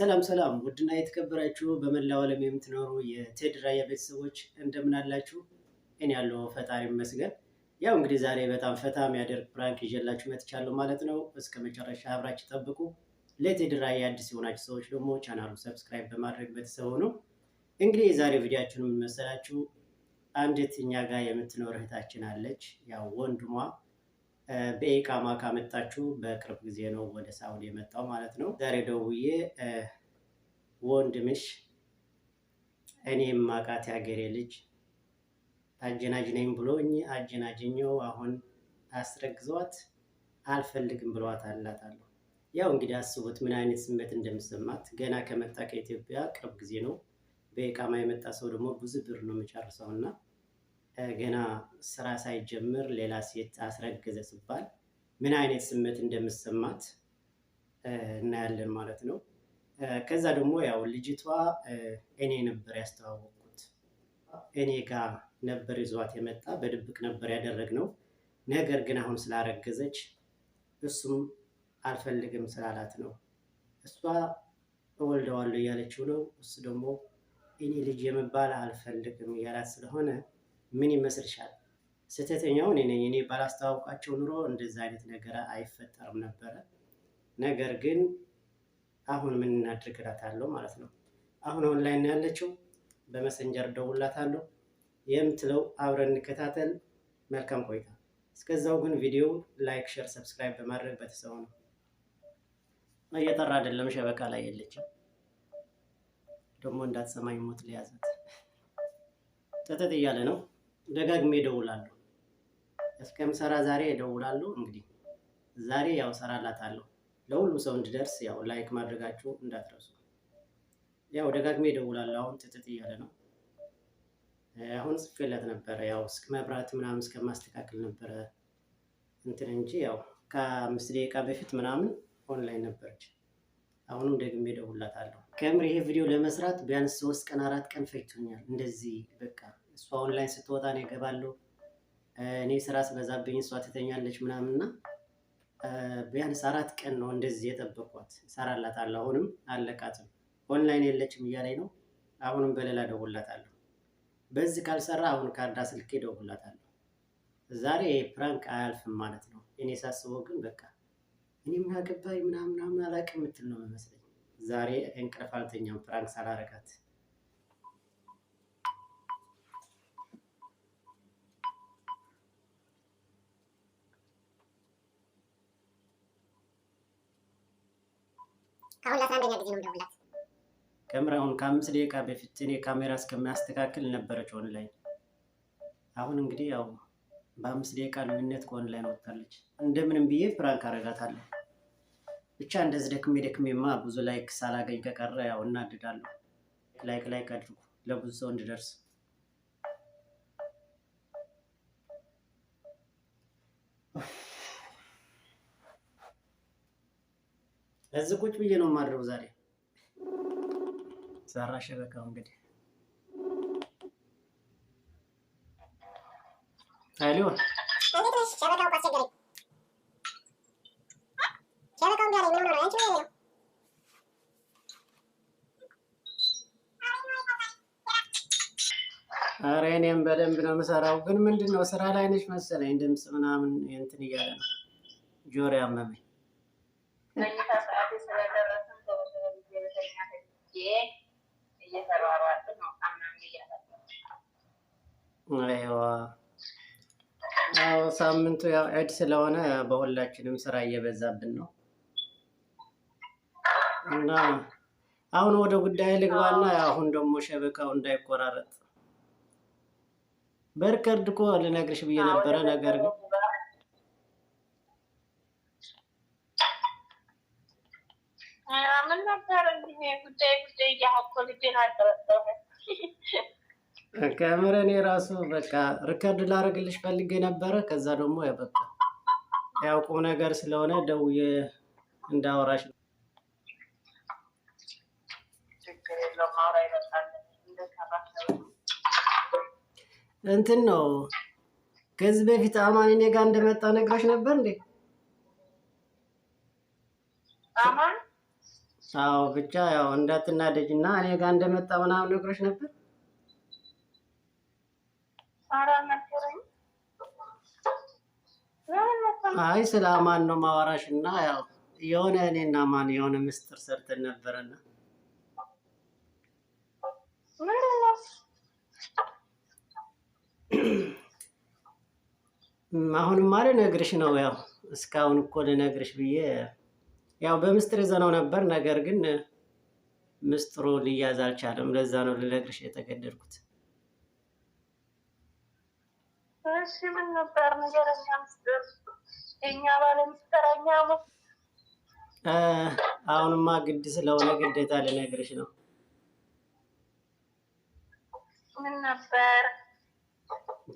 ሰላም ሰላም፣ ውድና የተከበራችሁ በመላው ዓለም የምትኖሩ የቴድ ራያ ቤተሰቦች እንደምን አላችሁ? እኔ ያለው ፈጣሪ ይመስገን። ያው እንግዲህ ዛሬ በጣም ፈታ የሚያደርግ ፕራንክ ይዤላችሁ መጥቻለሁ ማለት ነው። እስከ መጨረሻ አብራችሁ ጠብቁ። ለቴድ ራያ አዲስ የሆናችሁ ሰዎች ደግሞ ቻናሉ ሰብስክራይብ በማድረግ ቤተሰብ ነው እንግዲህ የዛሬ ቪዲያችሁን የምንመሰላችሁ አንዲት እኛ ጋር የምትኖር እህታችን አለች። ያው ወንድሟ በኢቃማ ካመጣችሁ በቅርብ ጊዜ ነው ወደ ሳውዲ የመጣው ማለት ነው። ዛሬ ደውዬ ወንድምሽ እኔ ማቃት ያገሬ ልጅ አጀናጅነኝ ብሎኝ አጀናጅኘው አሁን አስረግዘዋት አልፈልግም ብለዋት አላታለሁ። ያው እንግዲህ አስቡት ምን አይነት ስሜት እንደምሰማት ገና ከመጣ ከኢትዮጵያ ቅርብ ጊዜ ነው። በኢቃማ የመጣ ሰው ደግሞ ብዙ ብር ነው እና። ገና ስራ ሳይጀምር ሌላ ሴት አስረገዘ ሲባል ምን አይነት ስሜት እንደምሰማት እናያለን ማለት ነው። ከዛ ደግሞ ያው ልጅቷ እኔ ነበር ያስተዋወቅኩት፣ እኔ ጋር ነበር ይዟት የመጣ በድብቅ ነበር ያደረግነው። ነገር ግን አሁን ስላረገዘች እሱም አልፈልግም ስላላት ነው እሷ እወልደዋለሁ እያለችው ነው። እሱ ደግሞ እኔ ልጅ የመባል አልፈልግም እያላት ስለሆነ ምን ይመስልሻል? ስህተተኛው እኔ ነኝ። እኔ ባላስተዋውቃቸው ኑሮ እንደዛ አይነት ነገር አይፈጠርም ነበረ። ነገር ግን አሁን ምን እናድርግ ማለት ነው። አሁን ኦንላይን ነው ያለችው። በመሰንጀር ደውላታለሁ የምትለው አብረን እንከታተል። መልካም ቆይታ። እስከዛው ግን ቪዲዮ ላይክ፣ ሸር፣ ሰብስክራይብ በማድረግ በተሰው ነው እየጠራ አይደለም። ሸበካ ላይ የለችም ደግሞ እንዳትሰማኝ ሞት ሊያዘት ጥጥጥ እያለ ነው። ደጋግሜ እደውላለሁ። እስከምሰራ ዛሬ እደውላለሁ። እንግዲህ ዛሬ ያው እሰራላታለሁ። ለሁሉ ሰው እንድደርስ ያው ላይክ ማድረጋችሁ እንዳትረሱ። ያው ደጋግሜ እደውላለሁ። አሁን ትጥጥ እያለ ነው። አሁን ጽፌላት ነበረ። ያው እስከ መብራት ምናምን እስከማስተካከል ነበረ እንትን እንጂ ያው ከአምስት ደቂቃ በፊት ምናምን ኦንላይን ነበረች። አሁንም ደግሜ እደውላታለሁ። ከምር ይሄ ቪዲዮ ለመስራት ቢያንስ ሶስት ቀን አራት ቀን ፈጅቶኛል። እንደዚህ በቃ እሷ ኦንላይን ስትወጣ ነው ይገባለሁ። እኔ ስራ ስበዛብኝ እሷ ትተኛለች ምናምንና ቢያንስ አራት ቀን ነው እንደዚህ የጠበቅኳት። እሰራላታለሁ። አሁንም አለቃትም ኦንላይን የለችም እያለኝ ነው። አሁንም በሌላ እደውልላታለሁ። በዚህ ካልሰራ አሁን ካርዳ ስልክ እደውልላታለሁ። ዛሬ ፕራንክ አያልፍም ማለት ነው። እኔ ሳስበው ግን በቃ እኔ ምን አገባኝ ምናምን ምናምን አላውቅም የምትል ነው የሚመስለኝ። ዛሬ እንቅልፍ አልተኛም ፕራንክ ሳላረጋት ከሁለት አንደኛ ጊዜ ነው ደውላት ከምራውን ከአምስት ደቂቃ በፊት እኔ ካሜራ እስከሚያስተካክል ነበረች ኦንላይን ላይ አሁን እንግዲህ ያው በአምስት ደቂቃ ልዩነት ከሆን ላይ ወጣለች። እንደምንም ብዬ ፕራንክ አረጋታለሁ። ብቻ እንደዚህ ደክሜ ደክሜማ ብዙ ላይክ ሳላገኝ ከቀረ ያው እናድዳለሁ። ላይክ ላይክ አድርጉ ለብዙ ሰው እንድደርስ ለዚህ ቁጭ ብዬ ነው የማድረው ዛሬ ሰራ ሸበካው እንግዲህ ታሊው ኧረ እኔም በደንብ ነው የምሰራው፣ ግን ምንድን ነው ስራ ላይ ነች መሰለኝ ድምፅ ምናምን እንትን እያለ ነው ጆሮ ያመመኝ። መኝታ ሰዓት እየተሯሯጥ ነው። አምናም እያለ አዎ፣ ሳምንቱ ያው ስለሆነ በሁላችንም ስራ እየበዛብን ነው እና አሁን ወደ ጉዳይ ልግባና አሁን ደግሞ ሸበካው እንዳይቆራረጥ በርከርድ እኮ ልነግርሽ ብዬ ነበረ ነገር ግን ምን ከምር እኔ ራሱ በቃ ሪከርድ ላደርግልሽ ፈልጌ ነበረ። ከዛ ደግሞ ያበቃ ያው ቁም ነገር ስለሆነ ደውዬ እንዳወራሽ ነው። እንትን ነው ከዚህ በፊት አማን እኔ ጋር እንደመጣ ነግራሽ ነበር እንዴ? አማን አዎ ብቻ ያው እንዳትናደጅ እና እኔ ጋር እንደመጣ ምናምን ነግሮች ነበር። አይ ስለ አማን ነው ማዋራሽ እና ያው የሆነ እኔና ማን የሆነ ምስጢር ሰርተን ነበረና አሁንም ልነግርሽ ነው ያው እስካሁን እኮ ልነግርሽ ብዬ ያው በምስጢር ይዘነው ነበር። ነገር ግን ምስጢሩ ሊያዝ አልቻለም። ለዛ ነው ልነግርሽ የተገደድኩት። እሺ ምን ነበር ንገረኛ። ምስጢር የኛ ባለ ምስጢረኛ ነው። አሁንማ ግድ ስለሆነ ግዴታ ልነግርሽ ነው። ምን ነበር?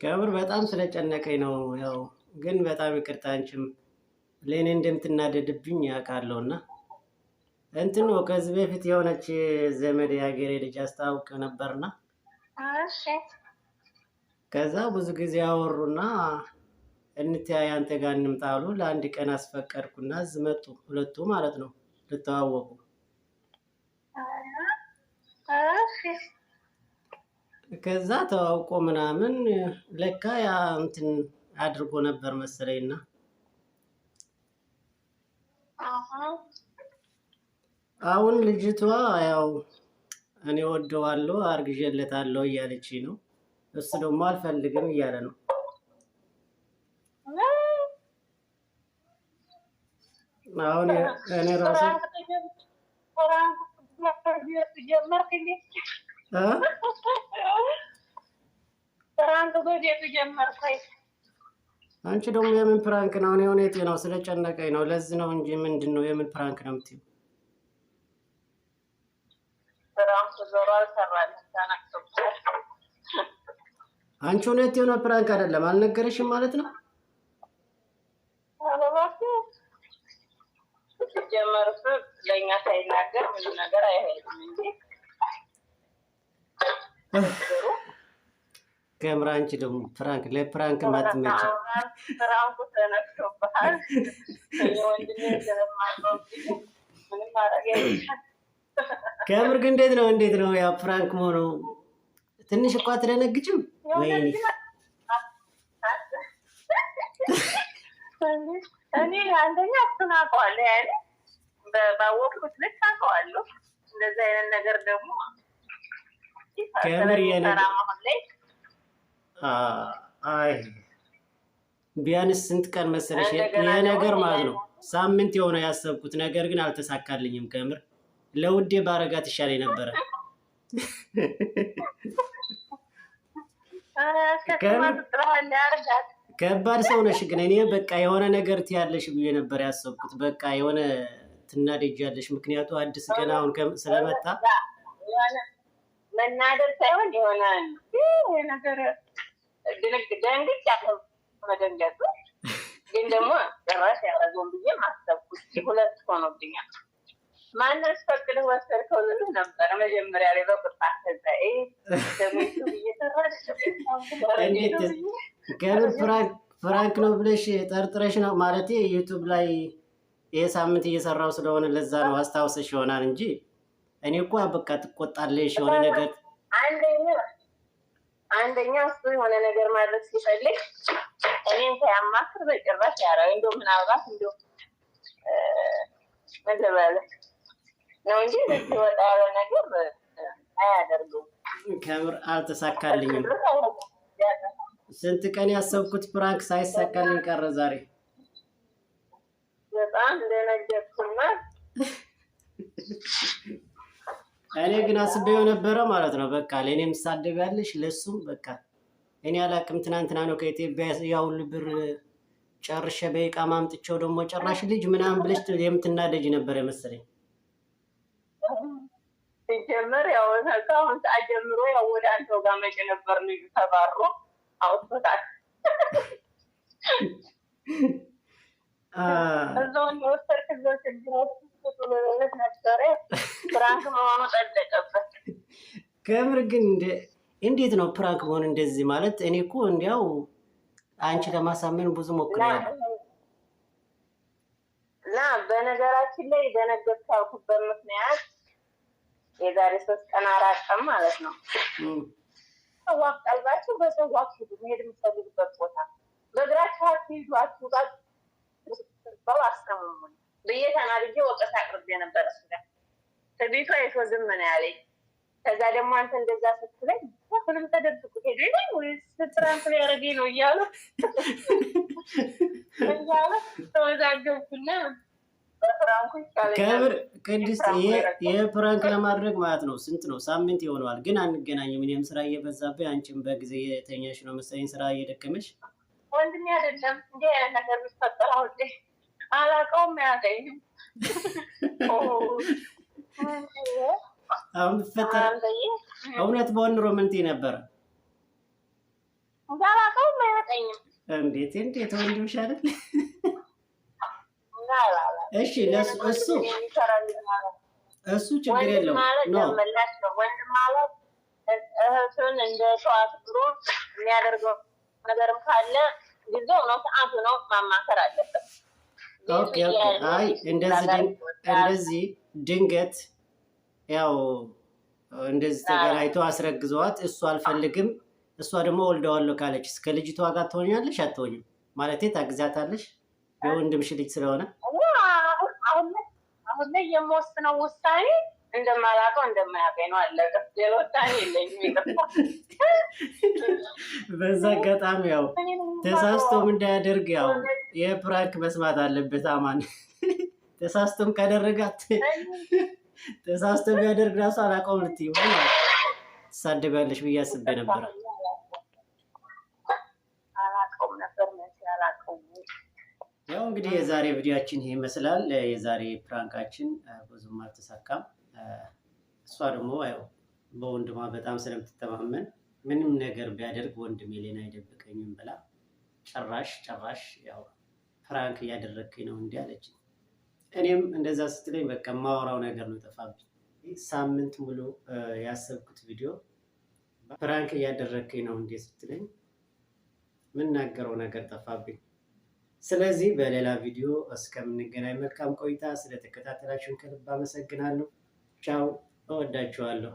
ከምር በጣም ስለጨነቀኝ ነው። ያው ግን በጣም ይቅርታ አንቺም ለእኔ እንደምትናደድብኝ ያውቃለሁ እና እንትን ነው ከዚህ በፊት የሆነች ዘመድ የሀገሬ ልጅ አስተዋውቅ ነበርና ከዛ ብዙ ጊዜ አወሩና እንትያ አንተ ጋር እንምጣሉ። ለአንድ ቀን አስፈቀድኩና እዚህ መጡ ሁለቱ ማለት ነው ልተዋወቁ። ከዛ ተዋውቆ ምናምን ለካ ያ እንትን አድርጎ ነበር መሰለኝና አሁን ልጅቷ ያው እኔ ወደዋለሁ አርግዤለታለሁ እያለች ነው። እሱ ደግሞ አልፈልግም እያለ ነው። አሁን እኔ ራሱ ጀመርክ አንቺ ደግሞ የምን ፕራንክ ነው? እኔ ሁኔቴ ነው ስለጨነቀኝ ነው። ለዚህ ነው እንጂ ምንድን ነው የምን ፕራንክ ነው የምትይው? አንቺ ሁኔት የሆነ ፕራንክ አይደለም። አልነገረሽም ማለት ነው። ጀመርሱ ለእኛ ሳይናገር ብዙ ነገር አይሄድም እንጂ ከምራ አንቺ ደግሞ ፕራንክ ለፕራንክ ማትመጪ ፕራንኩ ተነክቶብሃል። ከምር ግን እንዴት ነው እንዴት ነው ያው ፍራንክ መሆኑ ትንሽ እኮ አትደነግጭም? ወይ? እኔ አንደኛ እሱን አውቀዋለሁ፣ ያኔ ባወቅኩት ልክ አውቀዋለሁ። እንደዚህ አይነት ነገር ደግሞ ከምር የነ አይ ቢያንስ ስንት ቀን መሰለሽ ይሄ ነገር ማለት ነው ሳምንት የሆነ ያሰብኩት ነገር ግን አልተሳካልኝም። ከምር ለውዴ ባረጋት ይሻለኝ ነበረ። ከባድ ሰው ነሽ ግን እኔ በቃ የሆነ ነገር ትያለሽ ብዬ ነበር ያሰብኩት። በቃ የሆነ ያለሽ ምክንያቱ አዲስ ገና አሁን ስለመጣ መናደር ሳይሆን የሆነ ነገር ድንግ ደንግጭ ያለ መደንገጡ ግን ደግሞ ጭራሽ ያረገውን ብዬ ማሰብኩት ሁለት ሆኖብኛል። ማን አስፈቅድህ ወሰድከው ልልህ ነበር መጀመሪያ ላይ በቁጣ ከዛ ደግሞ እየሰራሽ ገብር ፍራንክ ነው ብለሽ ጠርጥረሽ ነው ማለት ዩቱብ ላይ ይሄ ሳምንት እየሰራው ስለሆነ ለዛ ነው አስታውሰሽ ይሆናል እንጂ እኔ እኮ በቃ ትቆጣለሽ የሆነ ነገር አንድ አንደኛ እሱ የሆነ ነገር ማድረግ ሲፈልግ እኔን ሳያማክር በጭራሽ ያረው እንዶ ምናልባት እንዶ መዘበለ ነው እንጂ ወጣ ያለ ነገር አያደርገውም። ከምር አልተሳካልኝም። ስንት ቀን ያሰብኩት ፕራንክ ሳይሳካልኝ ቀረ። ዛሬ በጣም እንደነገርኩና እኔ ግን አስቤው ነበረ ማለት ነው። በቃ ለእኔ የምሳደብ ያለሽ ለሱም በቃ እኔ አላቅም። ትናንትና ነው ከኢትዮጵያ ያው ብር ጨርሼ በቃ ማምጥቼው ደግሞ ጨራሽ ልጅ ምናምን ብለሽ የምትናደጅ ነበር የመሰለኝ። ሲጀምር ያው ከአሁን ሰዓት ጀምሮ ያው ወደ አንተው ጋር መጭ ነበር ልጁ ተባሮ አውጥቶታል። እዛውን የወሰድክዘው ችግሮች ከምር ግን እንዴት ነው ፕራንክ መሆን እንደዚህ ማለት? እኔ እኮ እንዲያው አንቺ ለማሳመን ብዙ ሞክሬያለሁ እና በነገራችን ላይ ደነገጥኩ ያልኩበት ምክንያት የዛሬ ሶስት ቀን አራት ቀን ማለት ነው ሰዋፍ ቀልባችሁ በሰዋፍ ሂዱ፣ መሄድ የምትፈልጉበት ቦታ በእግራችሁ አትሂዱ፣ አትውጣ አሰሙሙን ብዬ ተናድጄ ወቀሳ አቅርቤ ነበር። እሱ ጋር ትዕቢቷ የቶ ዝም ነው ያለኝ። ከዛ ደግሞ አንተ እንደዛ ስትለኝ ሁሉም ተደብቁ ሄዱ ወይስ ትራንስ ሊያረግ ነው እያሉ እያሉ ተወዛገብኩና ከብር ቅድስት ይህ ፕራንክ ለማድረግ ማለት ነው። ስንት ነው ሳምንት ይሆነዋል፣ ግን አንገናኝም። እኔም ስራ እየበዛብኝ፣ አንቺም በጊዜ የተኛሽ ነው መሰለኝ ስራ እየደከመሽ። ወንድሜ አይደለም እንዲ ነገር ሚፈጠር አሁን አላውቀውም ያለኝ እውነት በሆን ኑሮ ነበር ነበረ አላውቀውም አይወጠኝም። እንዴት እንዴት ወንድምሽ አይደል? እሺ እሱ እሱ ችግር የለውም ነው ወንድም ማለት እህቱን እንደ ሸዋት ብሎ የሚያደርገው ነገርም ካለ ጊዜው ነው፣ ሰዓቱ ነው፣ ማማከር አለበት። ኦኬ ኦኬ። አይ እንደዚህ ድንገት ያው እንደዚህ ተገናኝቶ አስረግዘዋት እሱ አልፈልግም፣ እሷ ደግሞ ወልደዋለሁ ካለች እስከ ልጅቷ ጋር ትሆኛለሽ አትሆኝም? ማለቴ ታግዛታለሽ የወንድምሽ ልጅ ስለሆነ አሁን ላይ የምወስነው ውሳኔ እንደማላውቀው እንደማያውቀኝ ነው። አለቀ። ሌሎታን የለኝም። በዛ አጋጣሚ ያው ተሳስቶም እንዳያደርግ ያው የፕራንክ መስማት አለበት። አማን ተሳስቶም ካደረጋት ተሳስቶ ቢያደርግ ራሱ አላውቀውም ልትይ ትሳደቢያለሽ ብዬ አስቤ ነበረ። ያው እንግዲህ የዛሬ ቪዲዮችን ይመስላል። የዛሬ ፕራንካችን ብዙም አልተሳካም። እሷ ደግሞ ያው በወንድሟ በጣም ስለምትተማመን ምንም ነገር ቢያደርግ ወንድሜ ሌን አይደብቀኝም ብላ ጭራሽ ጭራሽ ያው ፍራንክ እያደረግከኝ ነው እንዲህ አለች። እኔም እንደዛ ስትለኝ በቃ የማወራው ነገር ነው ጠፋብኝ። ሳምንት ሙሉ ያሰብኩት ቪዲዮ ፍራንክ እያደረግከኝ ነው እንዲህ ስትለኝ የምናገረው ነገር ጠፋብኝ። ስለዚህ በሌላ ቪዲዮ እስከምንገናኝ መልካም ቆይታ። ስለተከታተላችሁን ከልብ አመሰግናለሁ። ቻው፣ እወዳችኋለሁ።